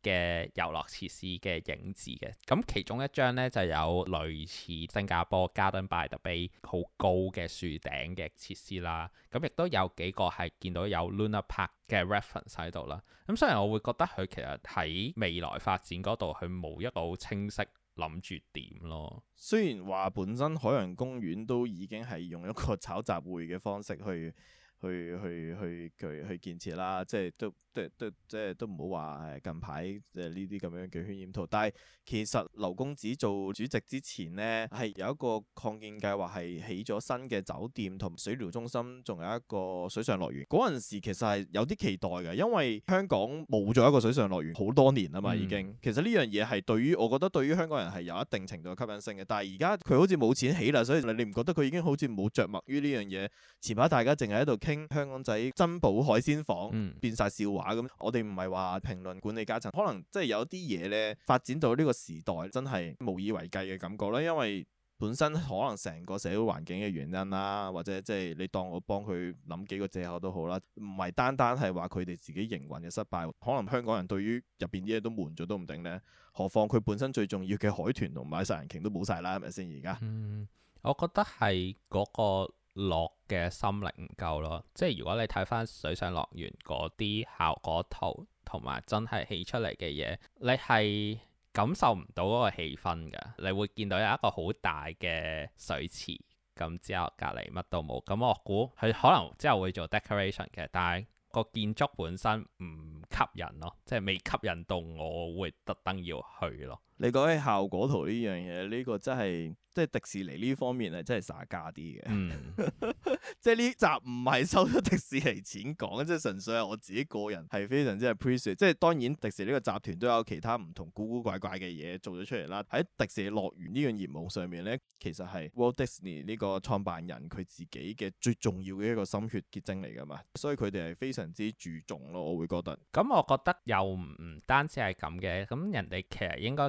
嘅遊樂設施嘅影子嘅。咁其中一張咧就有類似新加坡 Garden by the Bay 好高嘅樹頂嘅設施啦。咁亦都有幾個係見到有 Luna Park 嘅 reference 喺度啦。咁雖然我會覺得佢其實喺未來發展嗰度，佢冇一個好清晰。諗住點咯？雖然話本身海洋公園都已經係用一個炒集會嘅方式去去去去去去建設啦，即係都。都都即係都唔好話誒近排誒呢啲咁樣嘅渲染圖，但係其實劉公子做主席之前咧係有一個擴建計劃，係起咗新嘅酒店同水療中心，仲有一個水上樂園，嗰陣時其實係有啲期待嘅，因為香港冇咗一個水上樂園好多年啊嘛，已經、嗯、其實呢樣嘢係對於我覺得對於香港人係有一定程度嘅吸引性嘅。但係而家佢好似冇錢起啦，所以你唔覺得佢已經好似冇着墨於呢樣嘢？前排大家淨係喺度傾香港仔珍寶海鮮舫，嗯、變晒笑話。咁，我哋唔係話評論管理階層，可能即係有啲嘢咧發展到呢個時代，真係無以為繼嘅感覺啦。因為本身可能成個社會環境嘅原因啦，或者即係你當我幫佢諗幾個借口都好啦，唔係單單係話佢哋自己營運嘅失敗，可能香港人對於入邊啲嘢都悶咗都唔定咧。何況佢本身最重要嘅海豚同埋殺人鯨都冇晒啦，係咪先？而家、嗯、我覺得係嗰、那個。落嘅心力唔夠咯，即係如果你睇翻水上樂園嗰啲效果圖同埋真係起出嚟嘅嘢，你係感受唔到嗰個氣氛㗎。你會見到有一個好大嘅水池，咁之後隔離乜都冇。咁我估佢可能之後會做 decoration 嘅，但係個建築本身唔吸引咯，即係未吸引到我會特登要去咯。你講起效果圖呢樣嘢，呢、這個真係即係迪士尼呢方面係真係耍家啲嘅，嗯、 即係呢集唔係收咗迪士尼錢講，即係純粹係我自己個人係非常之 appreciate。即係當然迪士尼呢個集團都有其他唔同古古怪怪嘅嘢做咗出嚟啦。喺迪士尼樂園呢樣業務上面咧，其實係 Walt Disney 呢個創辦人佢自己嘅最重要嘅一個心血結晶嚟㗎嘛，所以佢哋係非常之注重咯，我會覺得。咁、嗯、我覺得又唔單止係咁嘅，咁人哋其實應該。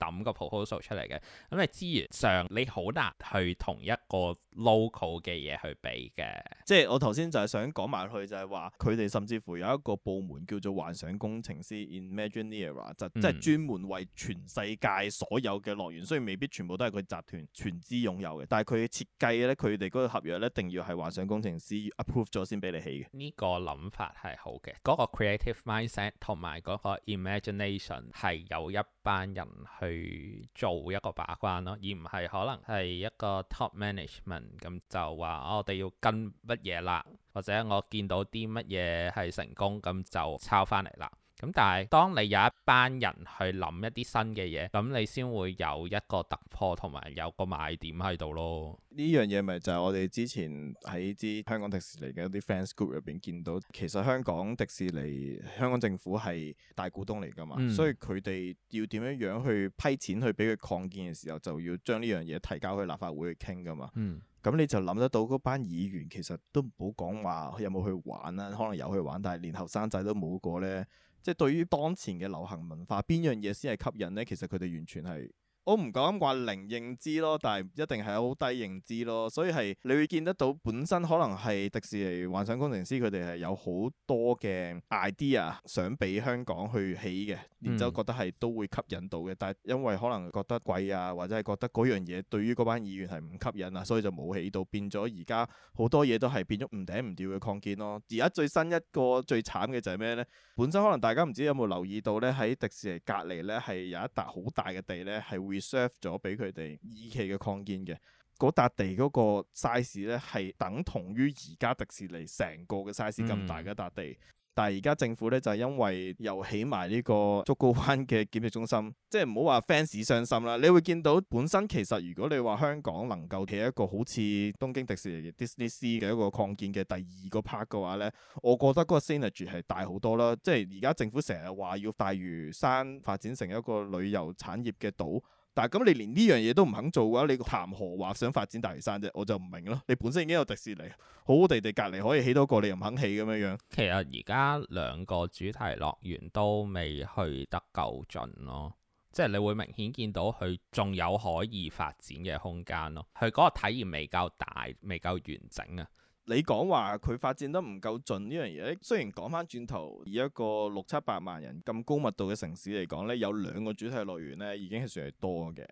抌個 proposal 出嚟嘅，咁係資源上你好難去同一個 local 嘅嘢去比嘅。即係我頭先就係想講埋去就，就係話佢哋甚至乎有一個部門叫做幻想工程師 （imagineer） 就即係專門為全世界所有嘅樂園，嗯、雖然未必全部都係佢集團全資擁有嘅，但係佢設計咧，佢哋嗰個合約咧，一定要係幻想工程師 approve 咗先俾你起嘅。呢個諗法係好嘅，嗰、嗰個 creative mindset 同埋嗰個 imagination 係有一班人去。去做一個把關咯，而唔係可能係一個 top management 咁就話我哋要跟乜嘢啦，或者我見到啲乜嘢係成功咁就抄翻嚟啦。咁但係，當你有一班人去諗一啲新嘅嘢，咁你先會有一個突破同埋有個賣點喺度咯。呢樣嘢咪就係我哋之前喺啲香港迪士尼嘅一啲 fans group 入邊見到，其實香港迪士尼香港政府係大股東嚟噶嘛，嗯、所以佢哋要點樣樣去批錢去俾佢擴建嘅時候，就要將呢樣嘢提交去立法會去傾噶嘛。咁、嗯、你就諗得到嗰班議員其實都唔好講話有冇去玩啦，可能有去玩，但係連後生仔都冇過呢。即係對於當前嘅流行文化，邊樣嘢先係吸引呢？其實佢哋完全係。我唔講話零認知咯，但係一定係好低認知咯，所以係你會見得到本身可能係迪士尼幻想工程師佢哋係有好多嘅 idea 想俾香港去起嘅，然之後覺得係都會吸引到嘅，但係因為可能覺得貴啊，或者係覺得嗰樣嘢對於嗰班議員係唔吸引啊，所以就冇起到，變咗而家好多嘢都係變咗唔頂唔掉嘅擴建咯。而家最新一個最慘嘅就係咩呢？本身可能大家唔知有冇留意到呢，喺迪士尼隔離呢，係有一笪好大嘅地呢。係 Reserve 咗俾佢哋二期嘅擴建嘅嗰笪地嗰個 size 咧，係等同於而家迪士尼成個嘅 size 咁大嘅笪地。嗯、但係而家政府咧就係因為又起埋呢個竹篙灣嘅檢疫中心，即係唔好話 fans 傷心啦。你會見到本身其實如果你話香港能夠起一個好似東京迪士尼 Disney Sea 嘅一個擴建嘅第二個 park 嘅話咧，我覺得嗰個 synergy 係大好多啦。即係而家政府成日話要大嶼山發展成一個旅遊產業嘅島。但係咁，你連呢樣嘢都唔肯做嘅話，你談何話想發展大嶼山啫？我就唔明咯。你本身已經有迪士尼，好好地地隔離可以起多個，你又唔肯起咁樣。其實而家兩個主題樂園都未去得夠盡咯，即係你會明顯見到佢仲有可以發展嘅空間咯。佢嗰個體驗未夠大，未夠完整啊。你講話佢發展得唔夠盡呢樣嘢，雖然講翻轉頭，以一個六七百萬人咁高密度嘅城市嚟講呢，有兩個主題樂園呢已經係算係多嘅。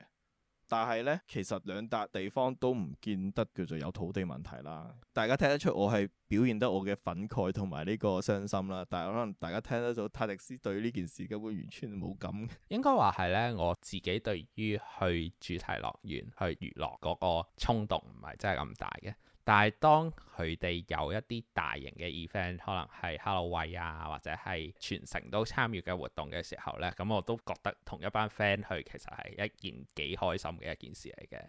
但係呢，其實兩笪地方都唔見得叫做有土地問題啦。大家聽得出我係表現得我嘅憤慨同埋呢個傷心啦。但係可能大家聽得到泰迪斯對呢件事根本完全冇感。應該話係呢，我自己對於去主題樂園去娛樂嗰個衝動唔係真係咁大嘅。但係當佢哋有一啲大型嘅 event，可能係 Halloween 啊，或者係全城都參與嘅活動嘅時候呢，咁我都覺得同一班 friend 去其實係一件幾開心嘅一件事嚟嘅。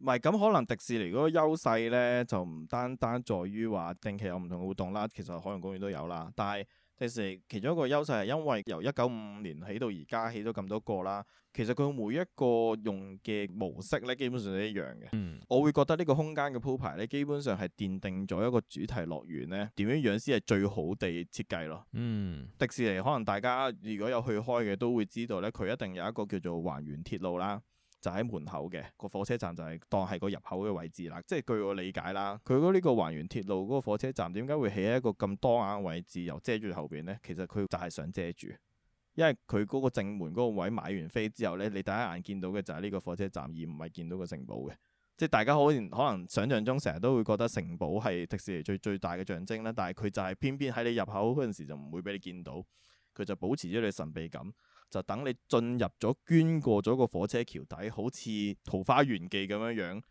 唔係咁可能迪士尼嗰個優勢呢，就唔單單在於話定期有唔同嘅活動啦，其實海洋公園都有啦，但係。迪士尼其中一個優勢係因為由一九五五年起到而家起咗咁多個啦，其實佢每一個用嘅模式咧，基本上都一樣嘅。我會覺得呢個空間嘅鋪排咧，基本上係奠定咗一個主題樂園咧點樣樣先係最好地設計咯。迪士尼可能大家如果有去開嘅都會知道咧，佢一定有一個叫做環園鐵路啦。就喺門口嘅個火車站就係當係個入口嘅位置啦。即係據我理解啦，佢嗰呢個環園鐵路嗰個火車站點解會起喺一個咁多眼位置，又遮住後邊呢？其實佢就係想遮住，因為佢嗰個正門嗰個位買完飛之後呢，你第一眼見到嘅就係呢個火車站，而唔係見到個城堡嘅。即係大家好可，可能想象中成日都會覺得城堡係迪士尼最最大嘅象徵啦，但係佢就係偏偏喺你入口嗰陣時就唔會俾你見到，佢就保持咗你神秘感。就等你進入咗捐過咗個火車橋底，好似《桃花源記》咁樣樣，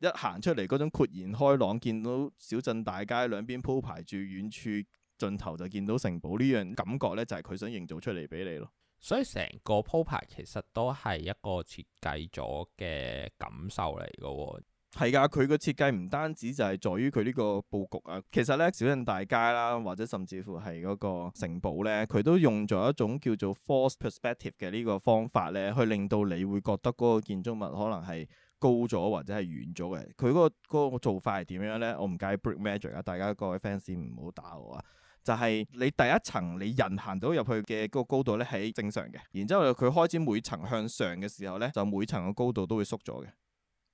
一行出嚟嗰種豁然開朗，見到小鎮大街兩邊鋪排住，遠處盡頭就見到城堡，呢樣感覺呢就係佢想營造出嚟俾你咯。所以成個鋪排其實都係一個設計咗嘅感受嚟噶喎。係噶，佢個設計唔單止就係在於佢呢個布局啊，其實咧小鎮大街啦，或者甚至乎係嗰個城堡咧，佢都用咗一種叫做 force perspective 嘅呢個方法咧，去令到你會覺得嗰個建築物可能係高咗或者係遠咗嘅。佢、嗰個、嗰個做法係點樣咧？我唔介意 break magic 啊，大家各位 fans 唔好打我啊。就係、是、你第一層你人行到入去嘅嗰個高度咧係正常嘅，然之後佢開始每層向上嘅時候咧，就每層嘅高度都會縮咗嘅。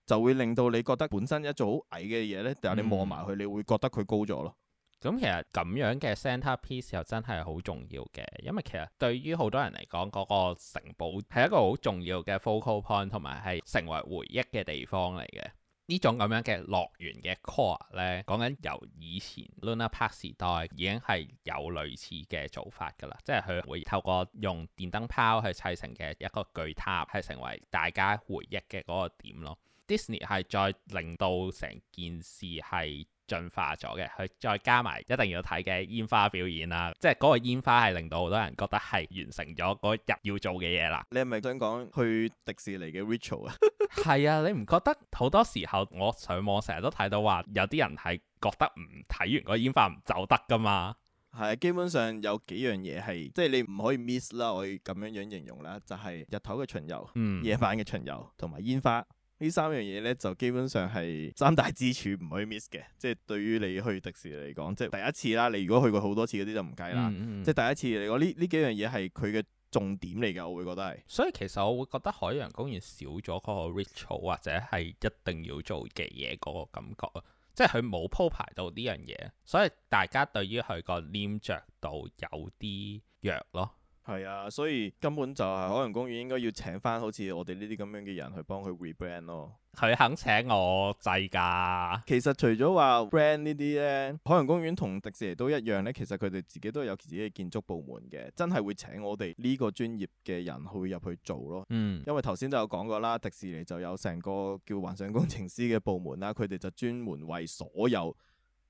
就會令到你覺得本身一座好矮嘅嘢呢，但係你望埋去，你會覺得佢高咗咯。咁、嗯嗯、其實咁樣嘅 centerpiece 又真係好重要嘅，因為其實對於好多人嚟講，嗰、嗰個城堡係一個好重要嘅 focal point，同埋係成為回憶嘅地方嚟嘅。呢種咁樣嘅樂園嘅 core 呢，講緊由以前 Luna Park 時代已經係有類似嘅做法㗎啦，即係佢會透過用電燈泡去砌成嘅一個巨塔，係成為大家回憶嘅嗰個點咯。Disney 係再令到成件事係進化咗嘅，佢再加埋一定要睇嘅煙花表演啦、啊，即係嗰個煙花係令到好多人覺得係完成咗嗰日要做嘅嘢啦。你係咪想講去迪士尼嘅 ritual 啊？係 啊，你唔覺得好多時候我上網成日都睇到話，有啲人係覺得唔睇完個煙花唔走得㗎嘛？係啊，基本上有幾樣嘢係即係你唔可以 miss 啦，我咁樣樣形容啦，就係、是、日頭嘅巡遊、嗯、夜晚嘅巡遊同埋煙花。呢三樣嘢咧就基本上係三大支柱唔可以 miss 嘅，即係對於你去迪士尼嚟講，即係第一次啦。你如果去過好多次嗰啲就唔計啦。嗯、即係第一次嚟講，呢呢幾樣嘢係佢嘅重點嚟㗎，我會覺得係。所以其實我會覺得海洋公園少咗個 ritual 或者係一定要做嘅嘢嗰個感覺啊，即係佢冇鋪排到呢樣嘢，所以大家對於佢個黏着度有啲弱咯。係啊，所以根本就係海洋公園應該要請翻好似我哋呢啲咁樣嘅人去幫佢 rebrand 咯。佢肯請我制噶。其實除咗話 brand 呢啲咧，海洋公園同迪士尼都一樣咧，其實佢哋自己都有自己嘅建築部門嘅，真係會請我哋呢個專業嘅人去入去做咯。嗯，因為頭先就有講過啦，迪士尼就有成個叫幻想工程師嘅部門啦，佢哋就專門為所有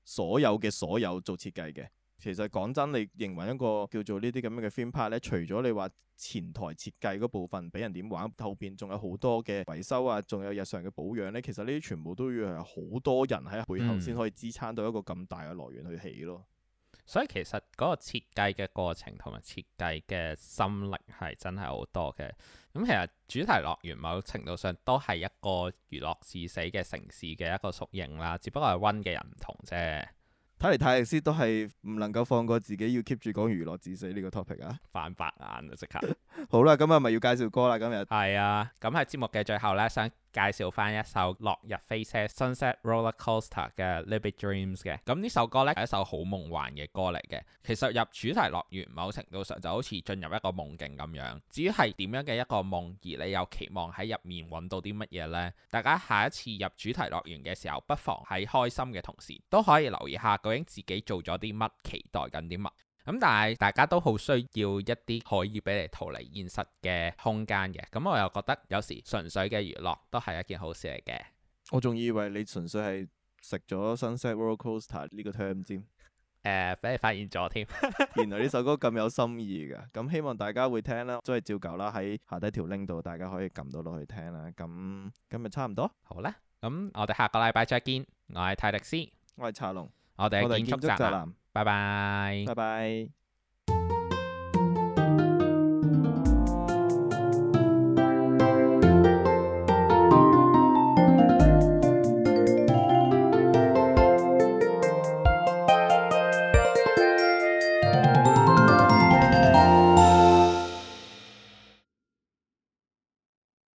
所有嘅所有做設計嘅。其實講真，你認為一個叫做呢啲咁樣嘅 theme park 咧，除咗你話前台設計嗰部分俾人點玩，後邊仲有好多嘅維修啊，仲有日常嘅保養咧，其實呢啲全部都要係好多人喺背後先可以支撐到一個咁大嘅來源去起咯。嗯、所以其實嗰個設計嘅過程同埋設計嘅心力係真係好多嘅。咁其實主題樂園某程度上都係一個娛樂至死嘅城市嘅一個縮影啦，只不過係 run 嘅人唔同啫。睇嚟泰迪斯都係唔能夠放過自己，要 keep 住講娛樂至死呢個 topic 啊！ 翻白眼啊！即刻 好啦，咁啊咪要介紹歌啦今日。係啊，咁喺節目嘅最後咧，想介紹翻一首落日飛車 Sunset Rollercoaster 嘅 Libidream 嘅，咁呢首歌呢係一首好夢幻嘅歌嚟嘅。其實入主題樂園，某程度上就好似進入一個夢境咁樣。至於係點樣嘅一個夢，而你又期望喺入面揾到啲乜嘢呢？大家下一次入主題樂園嘅時候，不妨喺開心嘅同時，都可以留意下究竟自己做咗啲乜，期待緊啲乜。咁但係大家都好需要一啲可以俾你逃離現實嘅空間嘅，咁我又覺得有時純粹嘅娛樂都係一件好事嚟嘅。我仲以為你純粹係食咗 Sunset Rollercoaster 呢個 term 添，誒俾、 呃、你發現咗添。 原來呢首歌咁有心意嘅，咁希望大家會聽啦，都係照舊啦，喺下低條 link 度大家可以撳到落去聽啦。咁咁就差唔多，好啦，咁我哋下個禮拜再見。我係泰迪斯，我係查龍。我哋下一集見啦，拜拜，拜拜。